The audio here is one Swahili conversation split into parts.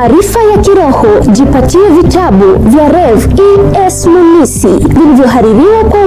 maarifa ya kiroho, jipatie vitabu vya Rev es Munisi vilivyohaririwa kwa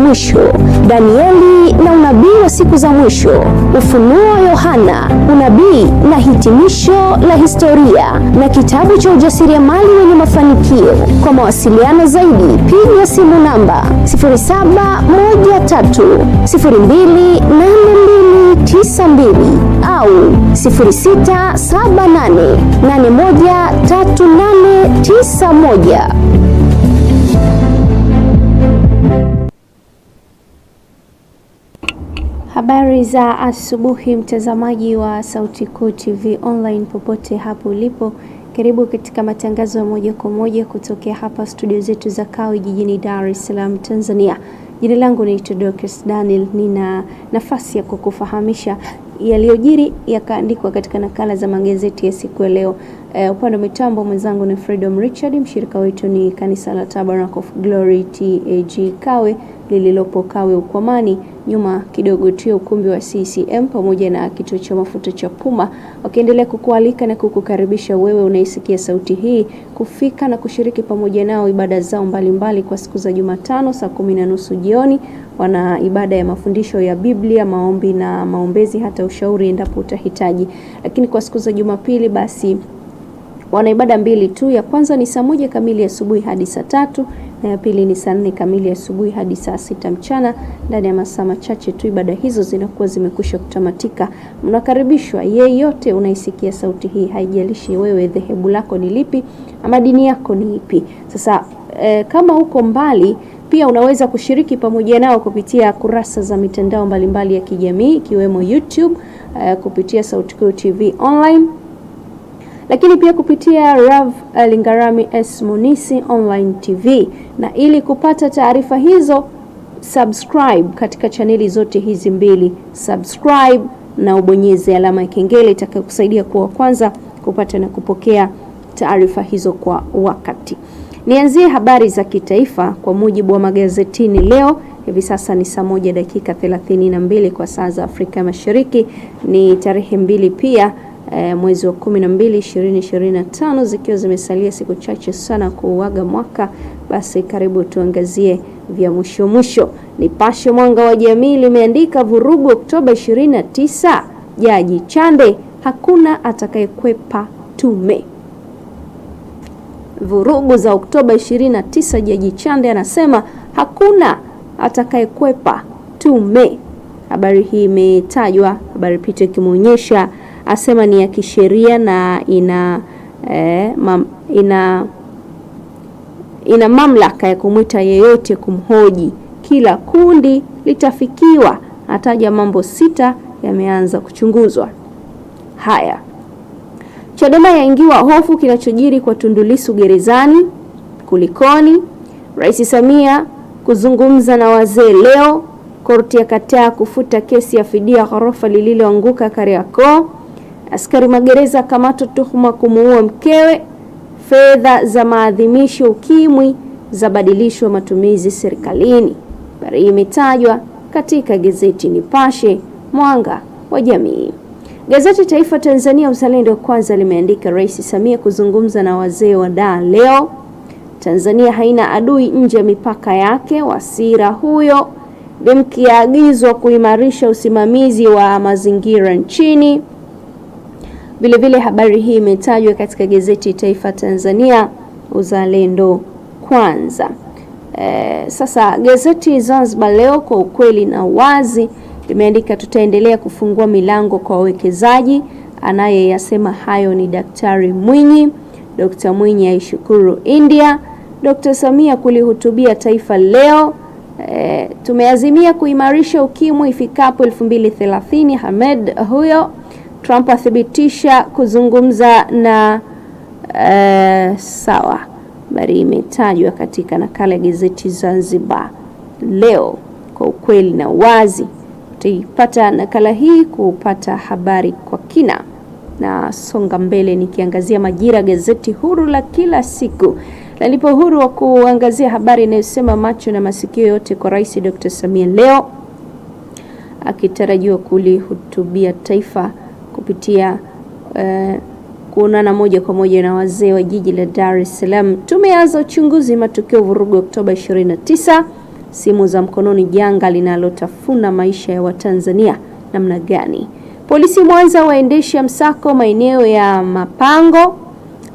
mwisho, Danieli na unabii wa siku za mwisho, Ufunuo Yohana, unabii na hitimisho la historia, na kitabu cha ujasiriamali wenye mafanikio. Kwa mawasiliano zaidi, piga simu namba 0713028292 au moja. Habari za asubuhi, mtazamaji wa Sauti Kuu TV online popote hapo ulipo, karibu katika matangazo ya moja kwa moja kutokea hapa studio zetu za Kawe jijini Dar es Salaam, Tanzania. Jina langu naitwa Dorcas Daniel, nina nafasi ya kukufahamisha yaliyojiri yakaandikwa katika nakala za magazeti ya siku ya leo. Uh, upande wa mitambo mwenzangu ni Freedom Richard, mshirika wetu ni kanisa la Tabernacle of Glory TAG Kawe lililopo Kawe Ukwamani nyuma kidogo tu ya ukumbi wa CCM pamoja na kituo cha mafuta cha Puma, wakiendelea kukualika na kukukaribisha wewe unaisikia sauti hii kufika na kushiriki pamoja nao ibada zao mbalimbali kwa siku za Jumatano saa kumi na nusu jioni. Wana ibada ya mafundisho ya Biblia, maombi na maombezi, hata ushauri endapo utahitaji. Lakini kwa siku za Jumapili basi wana ibada mbili tu. Ya kwanza ni saa moja kamili asubuhi hadi saa tatu na ya pili ni saa nne kamili asubuhi hadi saa sita mchana. Ndani ya masaa machache tu ibada hizo zinakuwa zimekwisha kutamatika. Mnakaribishwa yeyote unaisikia sauti hii, haijalishi wewe dhehebu lako ni lipi ama dini yako ni ipi. Sasa e, kama uko mbali pia unaweza kushiriki pamoja nao kupitia kurasa za mitandao mbalimbali mbali ya kijamii ikiwemo YouTube uh, kupitia Sautikuu TV online lakini pia kupitia Rav Lingarami S Munisi Online TV, na ili kupata taarifa hizo subscribe katika chaneli zote hizi mbili, subscribe na ubonyeze alama ya kengele itakayokusaidia kuwa kwanza kupata na kupokea taarifa hizo kwa wakati. Nianzie habari za kitaifa kwa mujibu wa magazetini leo. Hivi sasa ni saa moja dakika 32 kwa saa za Afrika Mashariki, ni tarehe mbili pia eh, mwezi wa 12 2025, zikiwa zimesalia siku chache sana kuuaga mwaka. Basi karibu tuangazie vya mwisho mwisho. Nipashe Mwanga wa Jamii limeandika vurugu Oktoba 29, Jaji Chande, hakuna atakayekwepa tume. Vurugu za Oktoba 29, Jaji Chande anasema hakuna atakayekwepa tume. Habari hii imetajwa, habari picha ikimwonyesha asema ni ya kisheria na ina eh, mam, ina ina mamlaka ya kumwita yeyote kumhoji. Kila kundi litafikiwa. Ataja mambo sita yameanza kuchunguzwa. Haya, Chadema yaingiwa hofu kinachojiri kwa Tundu Lissu gerezani. Kulikoni? Rais Samia kuzungumza na wazee leo. Korti ya kataa kufuta kesi ya fidia ghorofa lililoanguka Kariakoo. Askari magereza akamatwa tuhuma kumuua mkewe. Fedha za maadhimisho ukimwi zabadilishwa matumizi serikalini. Habari hii imetajwa katika gazeti Nipashe, Mwanga wa Jamii. Gazeti Taifa Tanzania, Uzalendo wa Kwanza, limeandika Rais Samia kuzungumza na wazee wa daa leo. Tanzania haina adui nje ya mipaka yake, Wasira huyo. Benki yaagizwa kuimarisha usimamizi wa mazingira nchini. Vilevile habari hii imetajwa katika gazeti Taifa Tanzania, Uzalendo Kwanza. E, sasa gazeti Zanzibar Leo kwa ukweli na uwazi limeandika tutaendelea kufungua milango kwa wawekezaji. Anayeyasema hayo ni Daktari Mwinyi. Dkt Mwinyi aishukuru India. Dkt Samia kulihutubia taifa leo. E, tumeazimia kuimarisha ukimwi ifikapo 2030. Hamed huyo Trump athibitisha kuzungumza na uh, sawa. Habari imetajwa katika nakala ya gazeti Zanzibar leo kwa ukweli na uwazi. Utaipata nakala hii kupata habari kwa kina na songa mbele nikiangazia Majira, gazeti huru la kila siku lalipo huru wa kuangazia habari inayosema macho na masikio yote kwa Rais Dr. Samia leo akitarajiwa kulihutubia taifa kupitia eh, na moja kwa moja na wazee wa jiji la Dar es Salaam. Tumeanza uchunguzi matukio vurugu Oktoba 29, simu za mkononi, janga linalotafuna maisha ya Watanzania namna gani? Polisi Mwanza waendesha msako maeneo ya Mapango.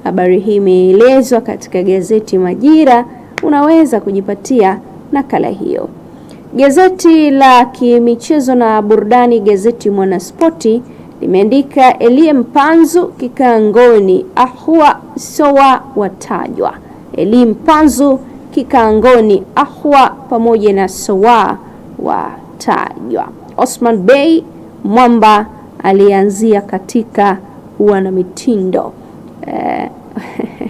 Habari hii imeelezwa katika gazeti Majira, unaweza kujipatia nakala hiyo. Gazeti la kimichezo na burudani, gazeti Mwanaspoti limeandika Elie Mpanzu kikaangoni, ahwa sowa watajwa. Elie Mpanzu kikaangoni, ahwa pamoja na sowa watajwa. Osman Bey mwamba alianzia katika huwa na mitindo eh,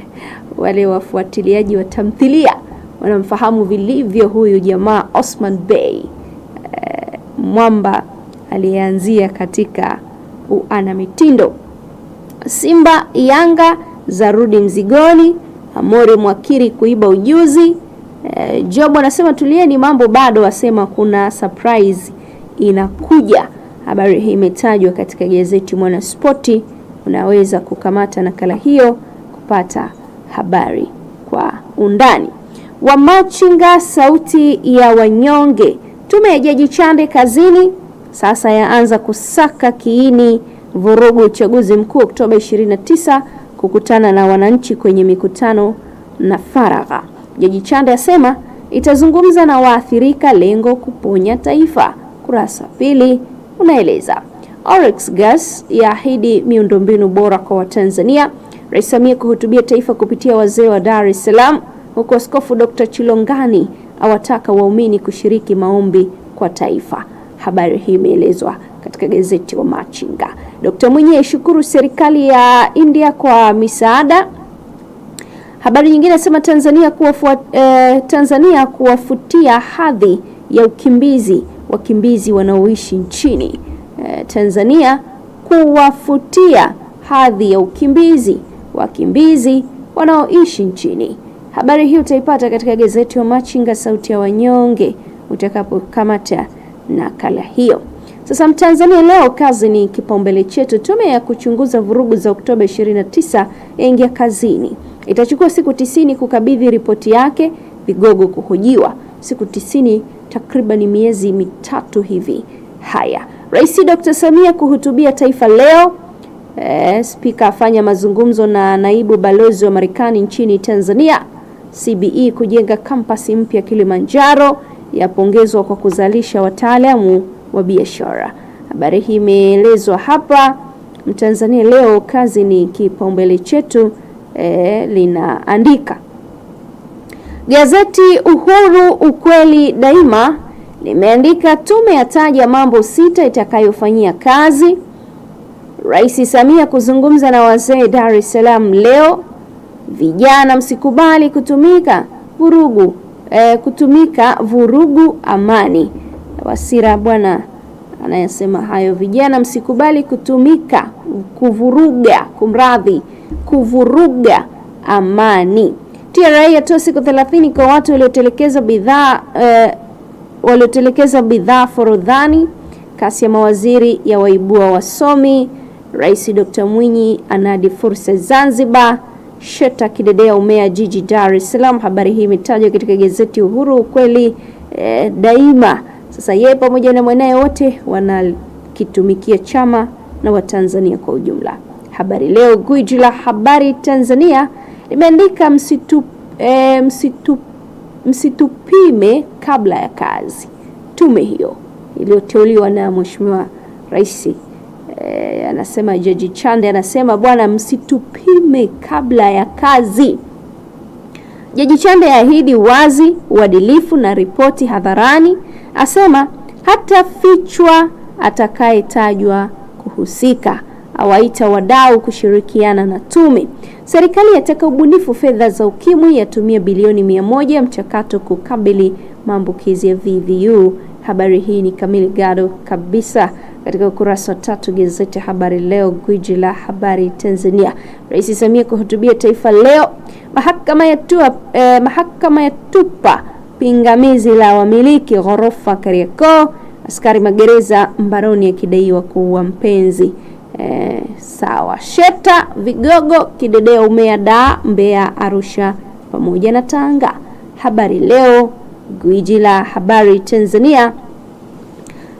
wale wafuatiliaji wa tamthilia wanamfahamu vilivyo huyu jamaa Osman Bey eh, mwamba alianzia katika uana mitindo. Simba Yanga zarudi mzigoni. Amori mwakiri kuiba ujuzi. E, Job anasema tulieni mambo bado, asema kuna surprise inakuja. Habari hii imetajwa katika gazeti Mwanaspoti. Unaweza kukamata nakala hiyo kupata habari kwa undani. Wamachinga sauti ya wanyonge. Tume ya Jaji Chande kazini sasa yaanza kusaka kiini vurugu uchaguzi mkuu Oktoba 29, kukutana na wananchi kwenye mikutano na faragha. Jaji Chande asema itazungumza na waathirika, lengo kuponya taifa. Kurasa pili unaeleza Oryx Gas yaahidi miundombinu bora kwa Watanzania. Rais Samia kuhutubia taifa kupitia wazee wa Dar es Salaam, huku Askofu Dr. Chilongani awataka waumini kushiriki maombi kwa taifa. Habari hii imeelezwa katika gazeti wa Machinga. Dkt. Mwinyi aishukuru serikali ya India kwa misaada. Habari nyingine nasema Tanzania kuwafuat, eh, Tanzania kuwafutia hadhi ya ukimbizi wakimbizi wanaoishi nchini eh, Tanzania kuwafutia hadhi ya ukimbizi wakimbizi wanaoishi nchini. Habari hii utaipata katika gazeti wa Machinga, sauti ya wanyonge, utakapokamata nakala hiyo. Sasa Mtanzania leo, kazi ni kipaumbele chetu. Tume ya kuchunguza vurugu za Oktoba 29 yaingia kazini, itachukua siku tisini kukabidhi ripoti yake, vigogo kuhojiwa, siku tisini, takriban miezi mitatu hivi. Haya, Rais Dr. Samia kuhutubia taifa leo. E, spika afanya mazungumzo na naibu balozi wa Marekani nchini Tanzania. CBE kujenga kampasi mpya Kilimanjaro yapongezwa kwa kuzalisha wataalamu wa biashara. Habari hii imeelezwa hapa Mtanzania Leo, kazi ni kipaumbele chetu, e, linaandika gazeti Uhuru ukweli daima limeandika tume yataja mambo sita itakayofanyia kazi. Rais Samia kuzungumza na wazee Dar es Salaam leo. Vijana msikubali kutumika vurugu e, kutumika vurugu amani. Wasira bwana anayesema hayo, vijana msikubali kutumika kuvuruga, kumradhi, kuvuruga amani. TRA yatoa siku 30 kwa watu waliotelekeza bidhaa e, eh, waliotelekeza bidhaa forodhani. Kasi ya mawaziri ya waibua wasomi. Rais Dr. Mwinyi anadi fursa Zanzibar. Sheta Kidedea, umea jiji Dar es Salaam. Habari hii imetajwa katika gazeti Uhuru, ukweli eh, daima. Sasa yeye pamoja na mwanaye wote wanakitumikia chama na Watanzania kwa ujumla. Habari Leo, gwiji la habari Tanzania, limeandika msitu, eh, msitu, msitupime kabla ya kazi. Tume hiyo iliyoteuliwa na Mheshimiwa Rais eh, anasema Jaji Chande anasema bwana, msitupime kabla ya kazi. Jaji Chande aahidi wazi, uadilifu na ripoti hadharani, asema hata fichwa atakayetajwa kuhusika, awaita wadau kushirikiana na tume. Serikali yataka ubunifu fedha za ukimwi, yatumia bilioni mia moja mchakato kukabili maambukizi ya VVU. Habari hii ni kamili gado kabisa katika ukurasa wa tatu gazeti Habari Leo, gwiji la habari Tanzania. Rais Samia kuhutubia taifa leo. Mahakama yatua, eh, mahakama yatupa pingamizi la wamiliki ghorofa Kariakoo. Askari magereza mbaroni akidaiwa kuua mpenzi. Eh, sawa. Sheta vigogo kidedea umea da Mbeya, Arusha pamoja na Tanga. Habari Leo, gwiji la habari Tanzania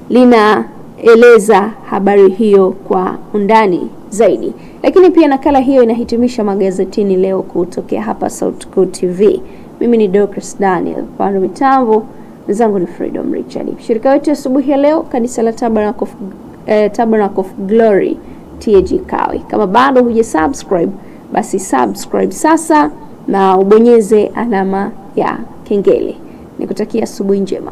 lina eleza habari hiyo kwa undani zaidi. Lakini pia nakala hiyo inahitimisha magazetini leo kutokea hapa Sautikuu TV. Mimi ni Dorcas Daniel, pande mitambo mwenzangu ni Freedom Richard. Shirika wetu asubuhi ya leo kanisa la Tabernacle of, eh, Tabernacle of Glory TAG Kawe. Kama bado huja subscribe, basi subscribe sasa na ubonyeze alama ya kengele. Nikutakia asubuhi njema.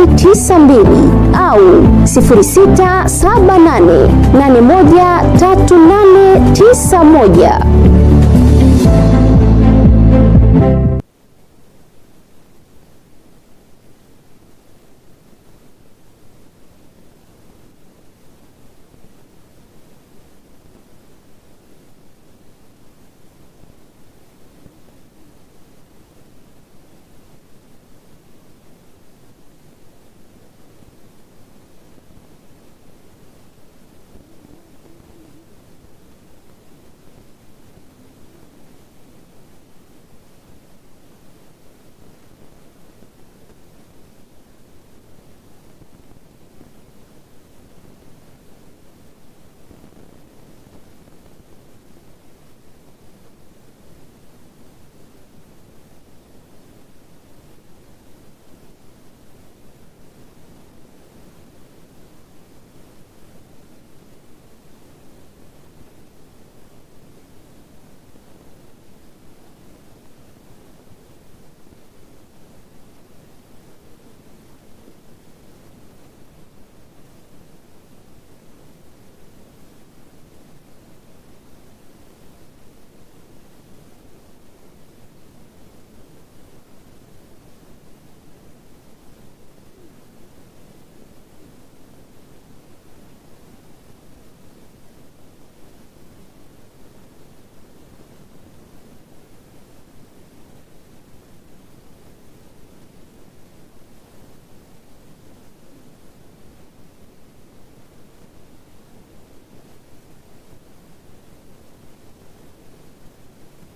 92 au 0678813891.